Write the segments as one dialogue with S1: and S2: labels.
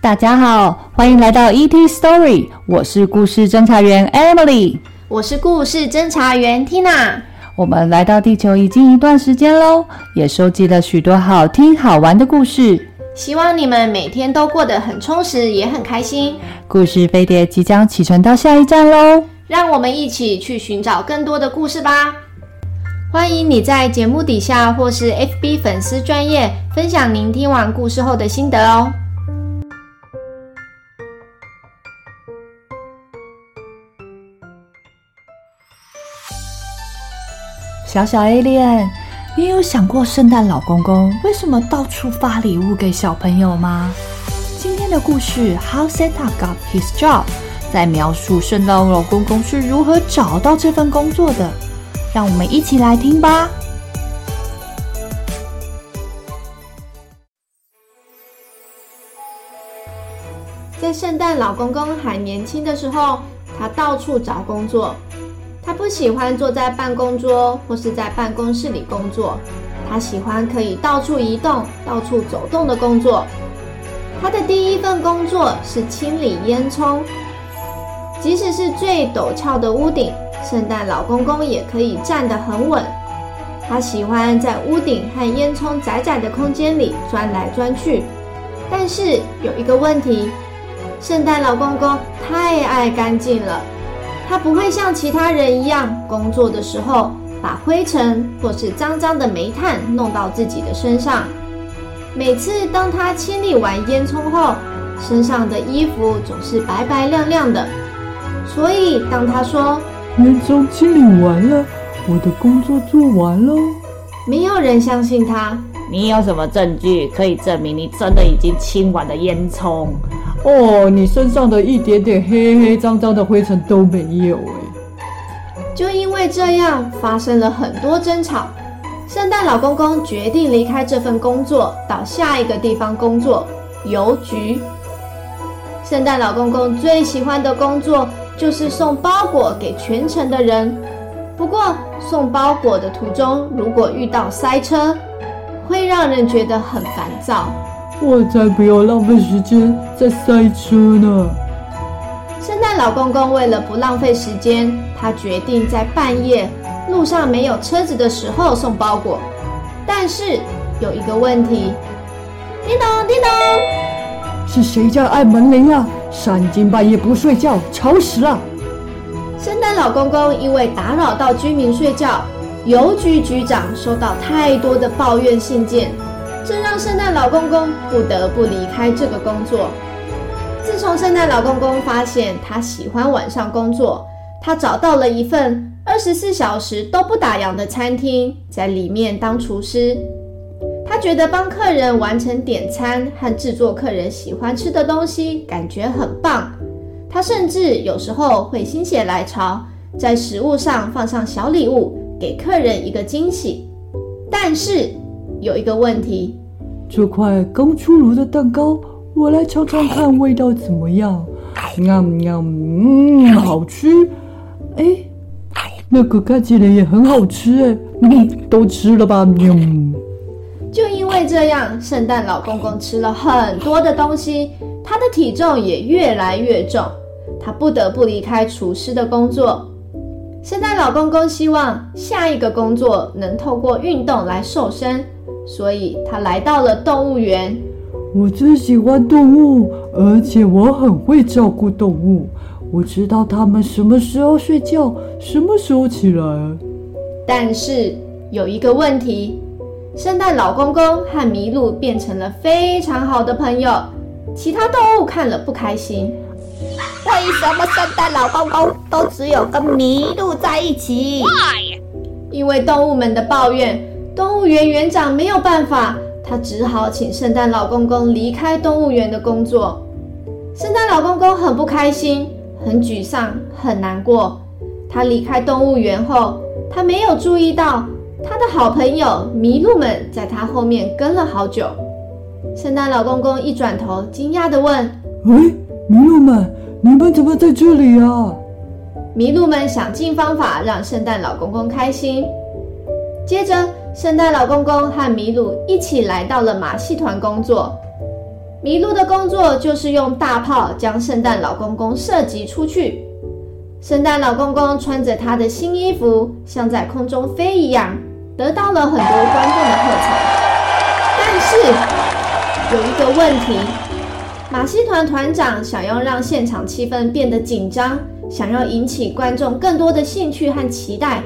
S1: 大家好，歡迎來到 ET Story，我是故事偵查員 Emily，我是故事偵查員 Tina。我們來到地球已經一段時間嘍，也收集了許多好聽好玩的故事，
S2: 希望你們每天都過得很充實，也很開心。
S1: 故事飛碟即將啟程到下一站嘍，
S2: 讓我們一起去尋找更多的故事吧！歡迎你在節目底下或是 FB 粉絲專頁分享您聽完故事後的心得哦。
S1: 小小 Alien，你有想過聖誕老公公為什麼到處發禮物給小朋友嗎？今天的故事 How Santa Got His Job 在描述聖誕老公公是如何找到這份工作的，讓我們一起來聽吧。
S2: 在聖誕老公公還年輕的時候，他到處找工作。他不喜歡坐在辦公桌或是在辦公室裡工作，他喜歡可以到處移動、到處走動的工作。他的第一份工作是清理煙囪，即使是最陡峭的屋頂，聖誕老公公也可以站得很穩。他喜歡在屋頂和煙囪窄窄窄的空間裡鑽來鑽去，但是有一個問題，聖誕老公公太愛乾淨了。他不會像其他人一樣工作的時候把灰塵或是髒髒的煤炭弄到自己的身上。每次當他清理完煙囪後，身上的衣服總是白白亮亮的。所以當他說，煙囪清理完了，我
S3: 的工作做完了，
S2: 沒有人相信他。
S1: 你有什麼證據
S2: 可以證明你真的已經清完了煙囪？
S3: 哦，你身上的一點點黑黑髒髒的灰塵都沒有欸。
S2: 就因為這樣，發生了很多爭吵。聖誕老公公決定離開這份工作，到下一個地方工作——郵局。聖誕老公公最喜歡的工作就是送包裹給全城的人。不過，送包裹的途中如果遇到塞車，會讓人覺得很煩躁。
S3: 我才不要浪費時間在塞車呢！
S2: 聖誕老公公為了不浪費時間，他決定在半夜路上沒有車子的時候送包裹。但是有一個問題：叮咚叮咚，是誰在按門鈴啊？三更半夜不
S3: 睡覺，吵死了！
S2: 聖誕老公公因為打擾到居民睡覺，郵局局長收到太多的抱怨信件。這讓聖誕老公公不得不離開這個工作。自從聖誕老公公發現他喜歡晚上工作，他找到了一份二十四小時都不打烊的餐廳，在裡面當廚師。他覺得幫客人完成點餐和制作客人喜歡吃的東西感覺很棒。他甚至有時候會心血來潮，在食物上放上小禮物，給客人一個驚喜。但是⋯⋯有一個問題，
S3: 這塊剛出爐的蛋糕，我來嘗嘗看味道怎麼樣？喵、嗯、喵，嗯，好吃。哎，誒，那個看起來也很好吃哎，嗯，都吃了吧？嗯、
S2: 就因為這樣，聖誕老公公吃了很多的東西，他的體重也越來越重，他不得不離開廚師的工作。聖誕老公公希望下一個工作能透過運動來瘦身。所以他來到了動物園。
S3: 我最喜歡動物，而且我很會照顧動物。我知道它們什麼時候睡覺，什麼時候起來。
S2: 但是有一個問題：聖誕老
S3: 公公和麋鹿變成
S2: 了非常好的朋友，其他動物看了不開心。為什麼聖誕老公公都只有跟麋鹿在一起？因為動物們的抱怨。動物園園長沒有辦法，他只好請聖誕老公公離開動物園的工作。聖誕老公公很不開心，很沮喪，很難過。他離開動物園後，他沒有注意到他的好朋友麋鹿們在他後面跟了好久。聖誕老公公一轉頭，驚訝地問：“
S3: 喂、哎，麋鹿們，你們
S2: 怎麼在這裡啊？”麋鹿們想盡方法讓聖誕老公公開心，接着。聖誕老公公和麋鹿一起來到了馬戲團工作。麋鹿的工作就是用大炮將聖誕老公公射擊出去。聖誕老公公穿着他的新衣服，像在空中飛一樣，得到了很多觀眾的喝彩。但是有一個問題，馬戲團團長想要讓現場氣氛變得緊張，想要引起觀眾更多的興趣和期待，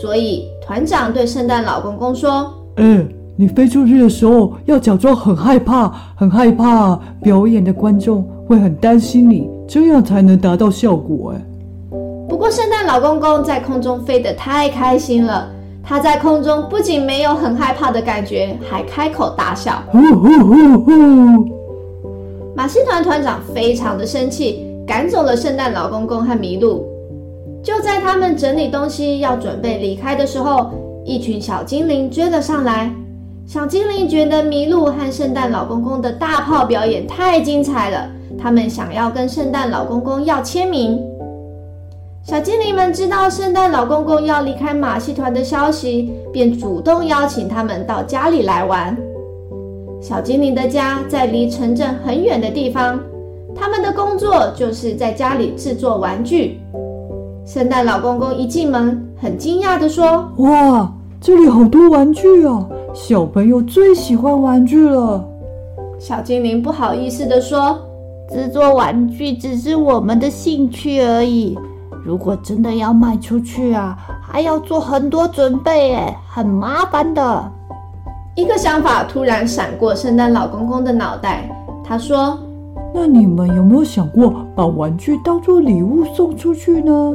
S2: 所以。團長對聖誕老公公說：“
S3: 哎，你飛出去的時候要假裝很害怕，很害怕，表演的觀眾會很擔心你，這樣才能達到效果。”哎，
S2: 不過聖誕老公公在空中飛得太開心了，他在空中不僅沒有很害怕的感覺，還開口大笑。
S3: 呼呼呼，
S2: 馬戲團團長非常的生氣，趕走了聖誕老公公和麋鹿。就在他們整理東西要準備離開的時候，一群小精靈追了上來。小精靈覺得麋鹿和聖誕老公公的大炮表演太精彩了，他們想要跟聖誕老公公要簽名。小精靈們知道聖誕老公公要離開馬戲團的消息，便主動邀請他們到家裡來玩。小精靈的家在離城鎮很遠的地方，他們的工作就是在家裡制作玩具。聖誕老公公一進門，很驚訝地說：“
S3: 哇，這裡好多玩具啊！小朋友最喜歡玩具了。”
S2: 小精靈不好意思地說：“制作玩具只是我們的興趣而已，如果真的要賣出去啊，還要做很多準備，哎，很麻煩的。”一個想法突然閃過聖誕老公公的腦袋，他說：“那你們有沒有想過把玩具當做禮物送出去呢？”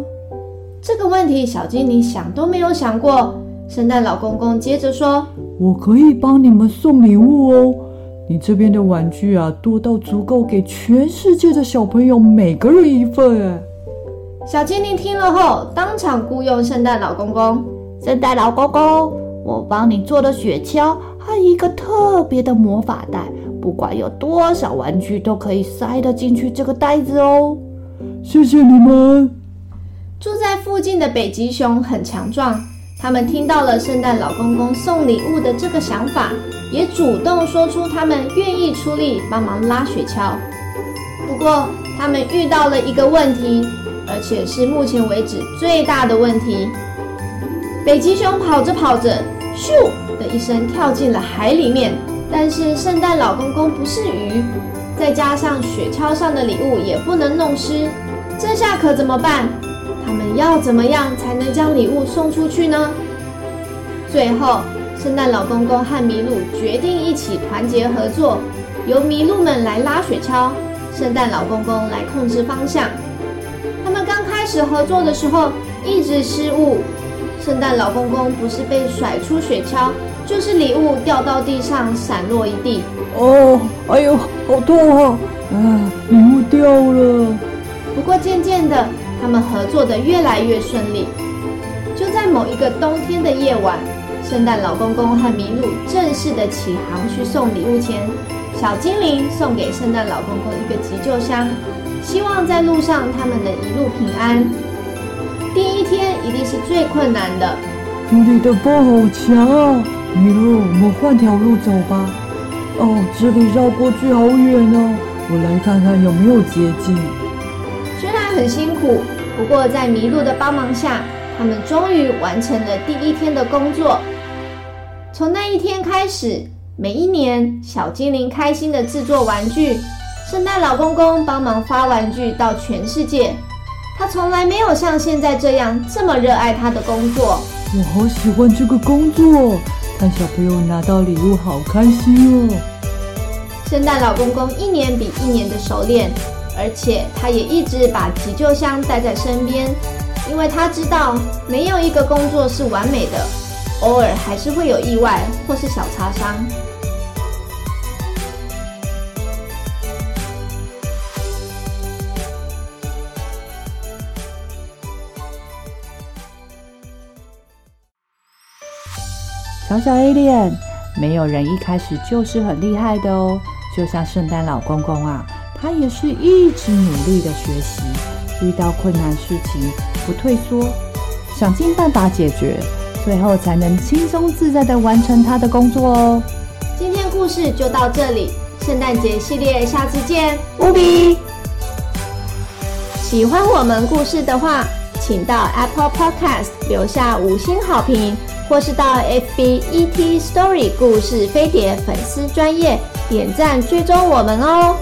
S2: 這個問題，小精靈想都沒有想過。
S3: 聖誕老公公接着說：“我可以幫你們送禮物哦，你這邊的玩具啊，多到足夠給全世界的小朋友每個人一份。”哎，
S2: 小精靈聽了後，當場雇傭聖誕老公公。聖
S1: 誕老公公，我幫你做的雪橇和一個特別的魔法袋，不管有多少玩具都可以塞得進去這個袋子哦。
S2: 謝謝你們。住在附近的北極熊很強壯，他們聽到了聖誕老公公送禮物的這個想法，也主動說出他們願意出力幫忙拉雪橇。不過，他們遇到了一個問題，而且是目前為止最大的問題。北極熊跑着跑着，咻的一聲跳進了海裡面。但是，聖誕老公公不是魚，再加上雪橇上的禮物也不能弄濕，這下可怎麼辦？我們要怎麼樣才能將禮物送出去呢？最後，聖誕老公公和麋鹿決定一起團結合作，由麋鹿們來拉雪橇，聖誕老公公來控制方向。他們剛開始合作的時候，一直失誤，聖誕老公公不是被甩出雪橇，就是禮物掉到地上散落一地。哦，哎呦，好痛啊！啊、哎，禮物掉了。不過漸漸的。他們合作得越來越順利。就在某一個冬天的夜晚，聖誕老公公和麋鹿正式的啟航去送禮物前，小精靈送給聖誕老公公一個急救箱，希望在路上他們能一路平安。第一天一定是最困難的，
S3: 這裡的風好強啊！麋鹿，我們換條路走吧。哦，這裡繞過去好遠哦，我來看看有沒有捷徑。
S2: 很辛苦，不過在麋鹿的幫忙下，他們終於完成了第一天的工作。從那一天開始，每一年小精靈開心的製作玩具，聖誕老公公幫忙發玩具到全世界。他從來沒有像現在這樣這麼熱愛他的工作。
S3: 我好喜歡這個工作，看小朋友拿到禮物好開心哦。
S2: 聖誕老公公一年比一年的熟練。而且他也一直把急救箱帶在身邊，因為他知道沒有一個工作是完美的，偶爾還是會有意外或是小擦傷。
S1: 小小 Alien，沒有人一開始就是很厲害的哦，就像聖誕老公公啊。他也是一直努力的學習，遇到困難事情不退縮，想盡辦法解決，最後才能輕鬆自在的完成他的工作哦。
S2: 今天故事就到這裡，聖誕節系列下次見，無比。喜歡我們故事的話，請到 Apple Podcast 留下五星好評，或是到 FB ET Story 故事飛碟粉絲專頁，點讚追蹤我們哦。